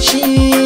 心。